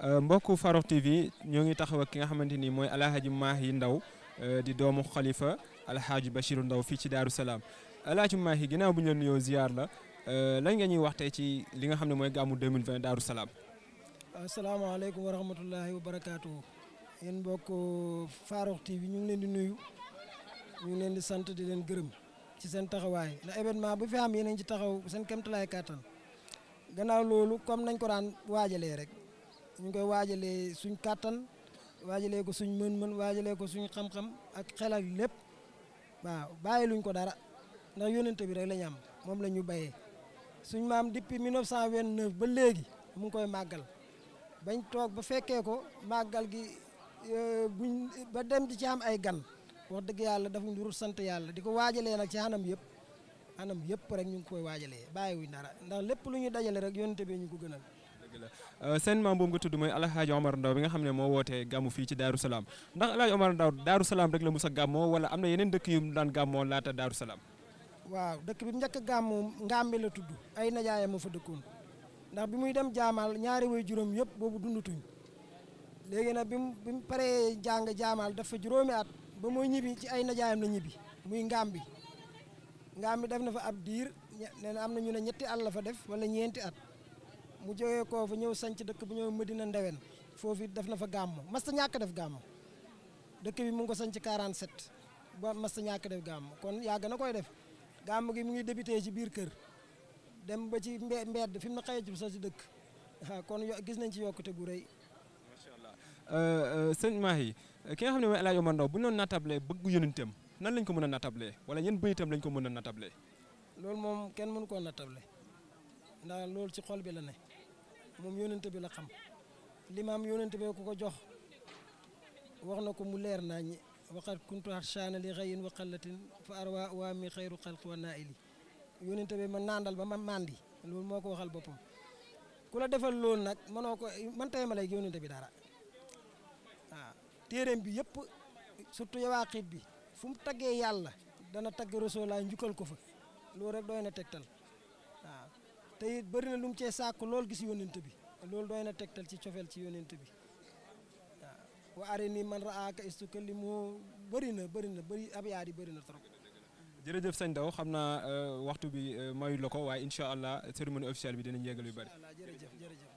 mbokku Farokh TV ñoo ngi taxaw ak ki nga xamanteni moy alhaji Mahi Ndaw di doomu khalifa alhaji bashir Ndaw fi ci daru salam alhaji Mahi ginaaw bu ñu ñoo ziar la lan nga ñuy wax tey ci li nga xamne moy gamu 2020 daru salam assalamu alaykum wa rahmatullahi wa barakatuh yéen mbokku Farokh TV ñu ngi leen di nuyu ñu ngi leen di sante di leen gërëm ci seen taxaway la événement bu fi am yéen a ci taxaw seen kéemtalaay kàttan gannaaw loolu comme nañ ko daan waajalee rek ñu koy waajalee suñ kàttan waajalee ko suñ mën-mën waajalee ko suñ xam-xam ak xel ak lépp waaw bàyyi luñ ko dara ndax yónnante bi rek la ñu moom la ñu béyee suñ maam depuis 1929 ba léegi mu ngi koy màggal bañ toog ba fekkee ko màggal gi euh, buñ ba dem di ci am ay gan wax dëgg yàlla dafa ñu rus sant yàlla di ko waajalee nag ci anam yëpp anam yëpp rek ñu ngi koy waajalee bàyyiwuñ dara ndax lépp lu ñu dajale rek yónnante bi ñu ko gënal. Euh, seen maam boobu nga tudd mooy Alhaaji Omar Ndaw bi nga xam ne moo wootee gàmmu fii ci Daaru Salaam ndax Alhaaji Omar Ndaw Daaru Salaam rek la mus a gàmmoo wala am na yeneen dëkk yu mu daan gàmmoo laata Daaru Salaam waaw dëkk bi njëkk a gàmmu Ngambe la tudd ay najaayam ma fa dëkkoon ndax bi muy dem jaamaal ñaari way juróom yëpp boobu dundutuñ léegi nag bi mu paree jàng jaamaal fa juróomi at ba mooy ñibbi ci ay najaayam la ñibbi muy Ngambi Ngambi def na fa ab diir am na ne ñetti at la fa def wala ñeenti at mu jógee koo fa ñëw sanc dëkk bu ñëw Medina Ndewen foofu def na fa gàmmu masta ñàkk def gàmmu dëkk bi mu ngi ko sanc 47 ba masta ñàkk def gàmmu kon yàgg na koy def gàmmu gi mu ngi débuté ci biir kër dem ba ci mbe mbedd fi mu na xëyee ci sa ci dëkk waaw kon gis nañ ci yokkute bu rëy macha allah euh, euh, sëñ Mahi ki nga xam ne mooy El Hadj Omar Ndao bu ñu doon natable bëgg yonentam nan lañ ko mën a natable wala yan bëyitam lañ ko mën a natable loolu moom kenn mënu koo natable ndax loolu ci xol bi la ne moom yónnante bi la xam limaam yónnante bee ku ko jox wax na ko mu leer naa ñi waxat kuntu xaana le xëyin wa xallatin fa arwa waa mi xayru xalq wa naa ili yónnante bi ma naandal ba ma màndi loolu moo ko waxal boppam ku la defal loolu nag mënoo ko man tey ma lay yónnante bi dara waaw bi yépp surtout yawaaqiit bi fu mu taggee yàlla dana tagg Rasulullah njukkal ko fa loolu rek doy na tegtal te it bëri na lu mu cee sàkku lool gis yónent bi loolu dooy na tegtal ci cofeel ci yónent bi waaw wa arini man raaka istukallimu bëri na bëri na bëri ab yaar yi bëri na trop jërëjëf sëñ Daw xam naa euh, waxtu bi euh, mayu la ko waaye incha allah cérémonie officielle bi dinañ yeggal yu bëri jërëjëf jërëjëf